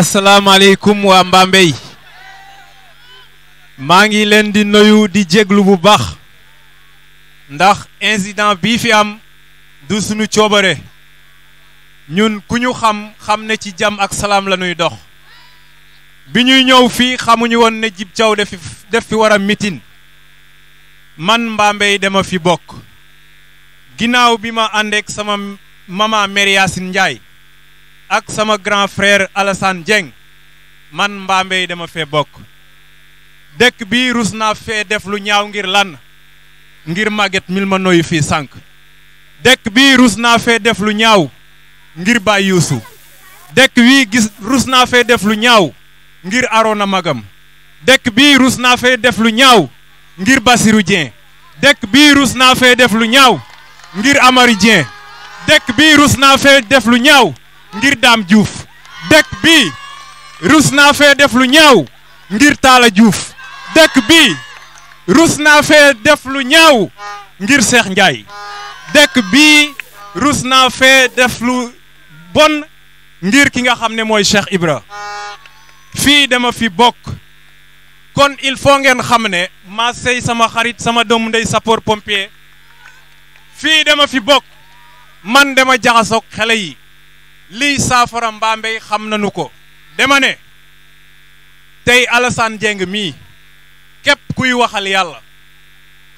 asalaamaaleykum waa Mbambey maa ngi leen di nuyu di jeglu bu baax ndax incident bii fi am du sunu coobare ñun ku ñu xam xam ne ci jàmm ak salaam la dox bi ñuy ñëw fii xamuñu woon ne Djib caw def def fi war a mitin man Mbambey dama fi bokk ginnaaw bi ma àndeek sama mama Mère Yacine Ndiaye ak sama grand frère Alassane Dieng man Mbambey dama fee bokk dëkk bi rus naa fee def lu ñaaw ngir lan ngir màgget mil ma noyu fii sànq dëkk bi rus naa fee def lu ñaaw ngir Baye Youssou dëkk wi rus naa fee def lu ñaaw ngir Arona Magam dëkk bi rus naa fee def lu ñaaw ngir Basirou Dieng dëkk bi rus naa fee def lu ñaaw ngir Amari Dieng dëkk bi rus naa fee def lu ñaaw ngir daam Diouf dëkk bi rus naa fee def lu ñaaw ngir Talla Diouf dëkk bi rus naa fee def lu ñaaw ngir Cheikh Ndiaye dëkk bi rus naa fee def lu bon ngir ki nga xam ne mooy Cheikh Ibra fii a fi bokk kon il faut ngeen xam ne maa sey sama xarit sama doomu ndey sapeur pompier fii a fi bokk man dama jaxasoog xale yi liy saafara Mbambey xam nañu ko demane tey Alassane Dieng mii képp kuy waxal yàlla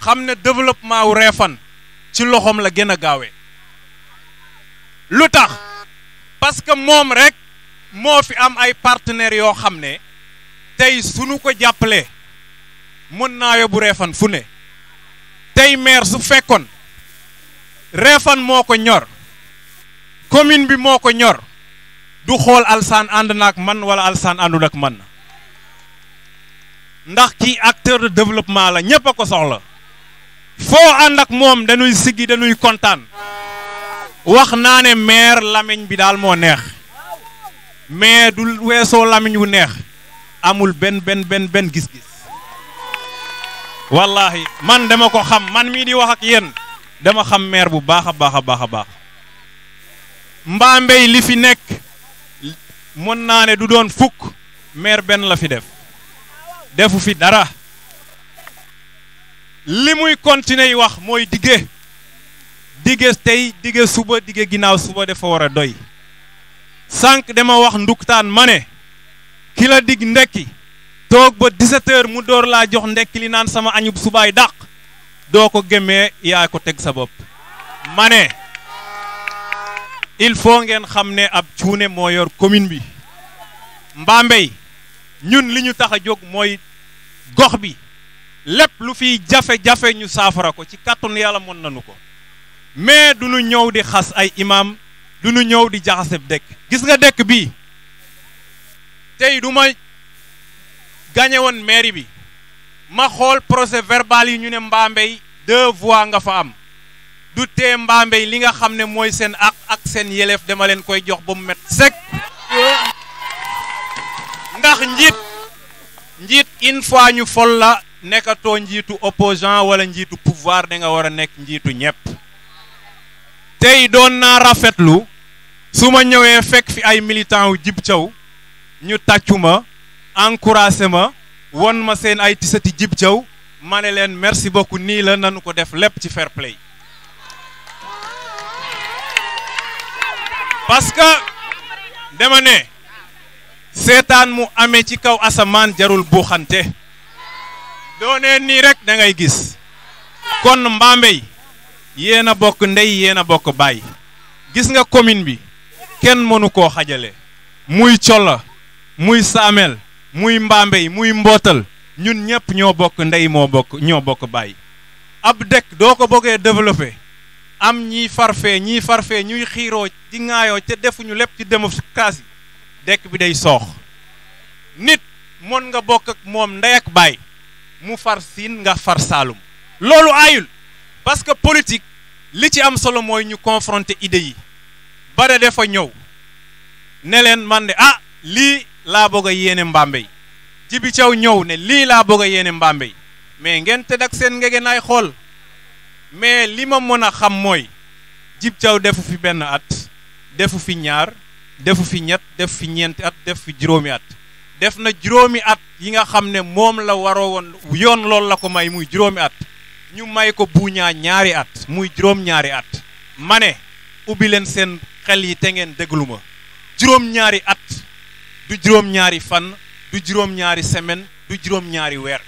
xam ne développement wu Réfane ci loxoom la gën a gaawee lu tax parce que moom rek moo fi am ay partenaires yoo xam ne tey sunu ko jàppalee mën naa yóbbu Réfane fu ne tey maire su fekkoon Réfane moo ko ñor commune bi moko ñor du xol alsan and nak man wala alsan andu nak man ndax ki acteur de développement la ñepp ko soxla fo and ak mom dañuy siggi dañuy contane wax naane maire lamine bi dal mo neex mais du lamine wu neex amul ben ben ben ben gis-gis wallahi man dama ko xam man mi di wax ak yeen dama xam maire bu baakha baakha baakha baakha mbaambey li fi nekk mën naa ne du doon fukk maire benn la fi def defu fi dara li muy continuer wax mooy dige dige tey dige suba dige ginnaaw suba dafa war a doy sànq dama wax nduktaan mane ne ki la dig ndekki toog ba 17 mu dóor laa jox ndekki li naan sama añub subaay dàq doo ko gémmee yaa ko teg sa bopp ma il faut ngeen xam ne ab cuune mo yor commune bi Mbambey ñun li ñu tax a jóg gox bi lepp lu fi jafé jafé ñu saafara ko ci kàttanu yàlla mon nañu ko mais duñu ñew di xass ay imam duñu ñew di jaxase dekk gis nga dekk bi tey du ma gañe woon mairie bi ma xol procès verbal yi ñu ne Mbambey deux voix nga fa am du tee Mbambey li nga xam ne mooy seen àq ak seen yeleef dama leen koy jox ba mu met sec ndax njiit njiit une fois ñu fol la nekkatoo njiitu opposant wala njiitu pouvoir da nga war a nekk njiitu ñëpp tey doon naa rafetlu su ma ñëwee fekk fi ay militant wu Djib Thiaw ñu tàccu ma encouragé ma won ma seen ay tisati jib Thiaw ma ne leen merci beaucoup nii la nanu ko def lépp ci fair play parce que dama né seetaan mu amé ci kaw asaman jarul buuxante doonee ni rek da ngay gis kon mbambe yéna bok ndey yéna bok bay gis nga commune bi kenn mënu ko xajalé muy Colla muy samel muy mbambe muy mbotal ñun ñëpp ño bok ndey mo bok ño bok bay ab ko am ñiy farfee ñii farfee ñuy xiiroo di ŋaayoo te defuñu lépp ci demu kaas dekk bi day soox nit mën nga bokk ak moom ndey ak baay mu far siin nga far saalum loolu aayul parce que politique li ci am solo mooy ñu confronter idées yi bare dafa ñëw ne leen man de ah lii laa bëgg a yéene Mbambey jibi caw ñëw ne lii laa bëgg a yéene Mbambey mais ngeen tëdd ak seen ngegenaay xool mais lima ma mën a xam mooy Djib Diaw defu fi benn at defu fi ñaar defu fi ñett def fi ñeenti at def fi juróomi at def na juróomi at yi nga xam ne moom la waro won yoon loolu la ko may muy at ñu may ko buuñaa ñaari at muy juróom-ñaari at ma ubi len sen xel yi te ngeen déglu ñaari at du juróom-ñaari fan du juróom-ñaari semaine du juróom-ñaari wer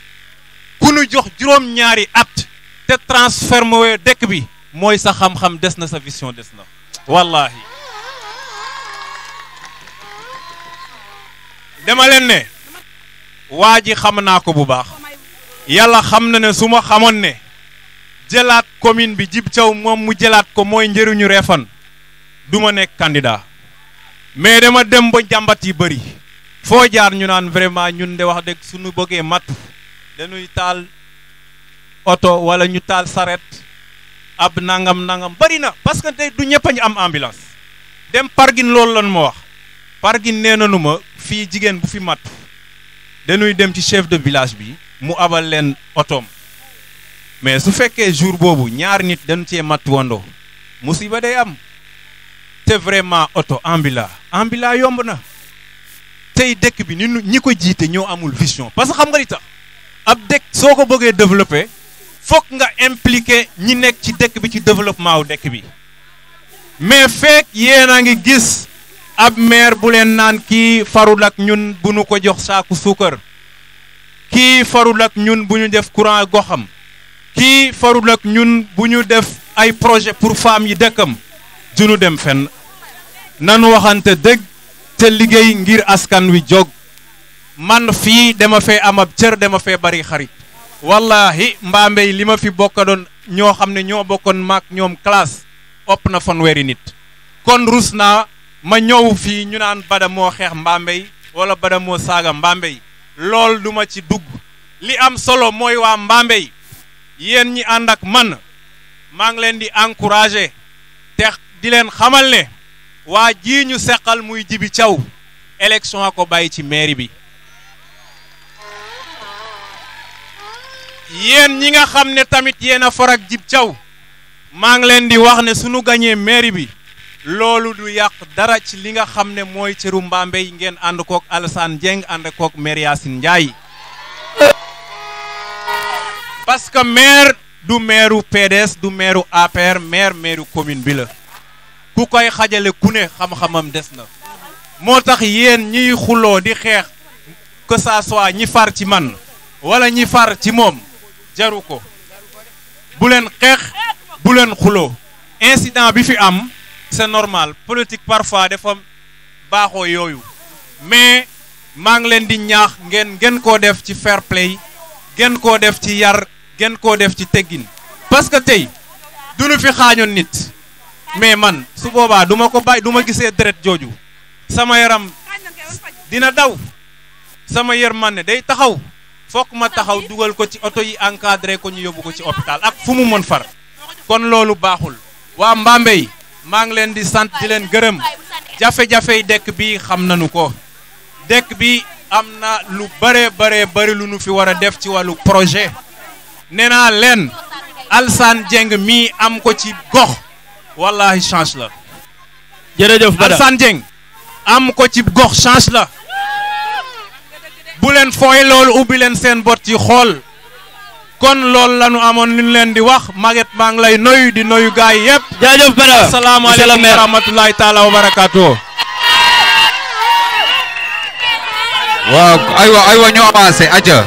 ku nu jox juróom-ñaari at te transformé dëkk bi mooy sa xam-xam des na sa vision des na wallaahi. dama leen ne waa ji xam naa ko bu baax yàlla xam na ne su ma xamoon ne jëlaat commune bi Djib Thiaw moom mu jëlaat ko mooy njëriñu reefan du ma nekk candidat mais dama dem ba jàmbat yi bari foo jaar ñu naan vraiment ñun de wax dëgg suñu bëggee mat dañuy taal oto wala ñu taal saret ab nangam nangam bari na parce que tey du ñëpp ñu am ambulance dem pargin loolu lan ma wax pargin nee nanu ma fii jigéen bu fi mat dañuy dem ci chef de village bi mu abal leen otoom mais su fekkee jour boobu ñaari nit dañu cee mat wandoo musiba day am te vraiment oto ambila ambila yomb na tey dëkk bi ni ñi ko jiite ñoo amul vision parce que xam nga li tax ab dëkk soo ko bëggee développer foog nga impliqué ñi nekk ci dëkk bi ci développement wu dëkk bi mais fekk yéen a ngi gis ab maire bu leen naan kii farul ak ñun bu ñu ko jox saaku suukar kii farul ak ñun bu ñu def courant goxam kii farul ak ñun bu ñu def ay projet pour femmes yi dëkkam duñu dem fenn nanu waxante dëgg te liggéey ngir askan wi jóg man fii dama fee am ab cër dama fee bari xarit wallahi mbambey lima fi bokadon ñoo xam ne bokon mak maak ñoom classe ëpp na wéri nit kon rusna ma ñëw fi ñu naan bada moo xeex mbambey wala bada moo sagam mbambey lol duma ci dugg li am solo mooy waa mbambey yen ñi andak man ma ngi len di encourager te di len xamal ne wa ji ñu sekkal muy jibi ciaw election ko bayyi ci mairie bi Yen ñi nga tamit yena farak jib caw maa ngi leen di wax ne sunu gañee bi du Yak dara ci li nga xam ne mooy cëru mbaambey ngeen ànd kook Alassane Dieng ànd maire parce que maire du maireu PDS du maireu APR maire maireu commune bi la ku koy xajale ku ne xam-xamam des na moo tax yéen ñiy di xeex que ça soit ñi far ci man wala ñi far ci jaruko bu len bu incident bi am c'est normal politique parfois dafa baxo yoyu mais mang ngi di ñaax ngeen def fair play ngeen pas def ci yar ngeen ko def ci parce que tay tu fi nit mais man su boba duma ko bay duma gisee sama yaram dina daw sama fokk ma taxaw dugal ko ci oto yi encadré ko ñu yóbbu ko ci hôpital ak fu mu mën far kon loolu baaxul waa Mbambey maa ngi leen di sant di leen gërëm jafe-jafey dekk bi xam nañu ko dekk bi am na lu bare bëree bari lu nu fi war a def ci wàllu projet nee naa leen Alsaan jeng mii am ko ci gox wallahi change la jërëjëf Bada Alsaan Dieng am ko ci gox change la bu len foy loolu ubi len sen bot ci xol kon lol lañu amon liñ len di wax maget ma ng lay noyu di noyu gaay yep yëpp. jaajëf assalamu alaykum wa rahmatullahi taala wa ay wa ay wa ñu avancer aja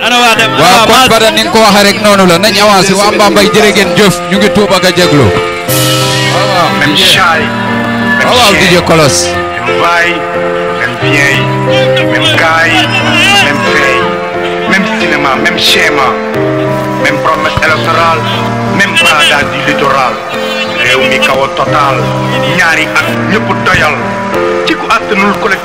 ana wa dem wa ko Bada ni ko waxee rek nonu la nañ avancé waa Mbambey jërë ngeen jëf ñu ngi tuub ga jeglu jéglu. DJ Kolos. même Baye même feuille, même cinéma, même schéma, même promesse électorale, même paradis du littoral. Réumi Kawa total Nyari Ak, ñëpp doyal ci ku collectif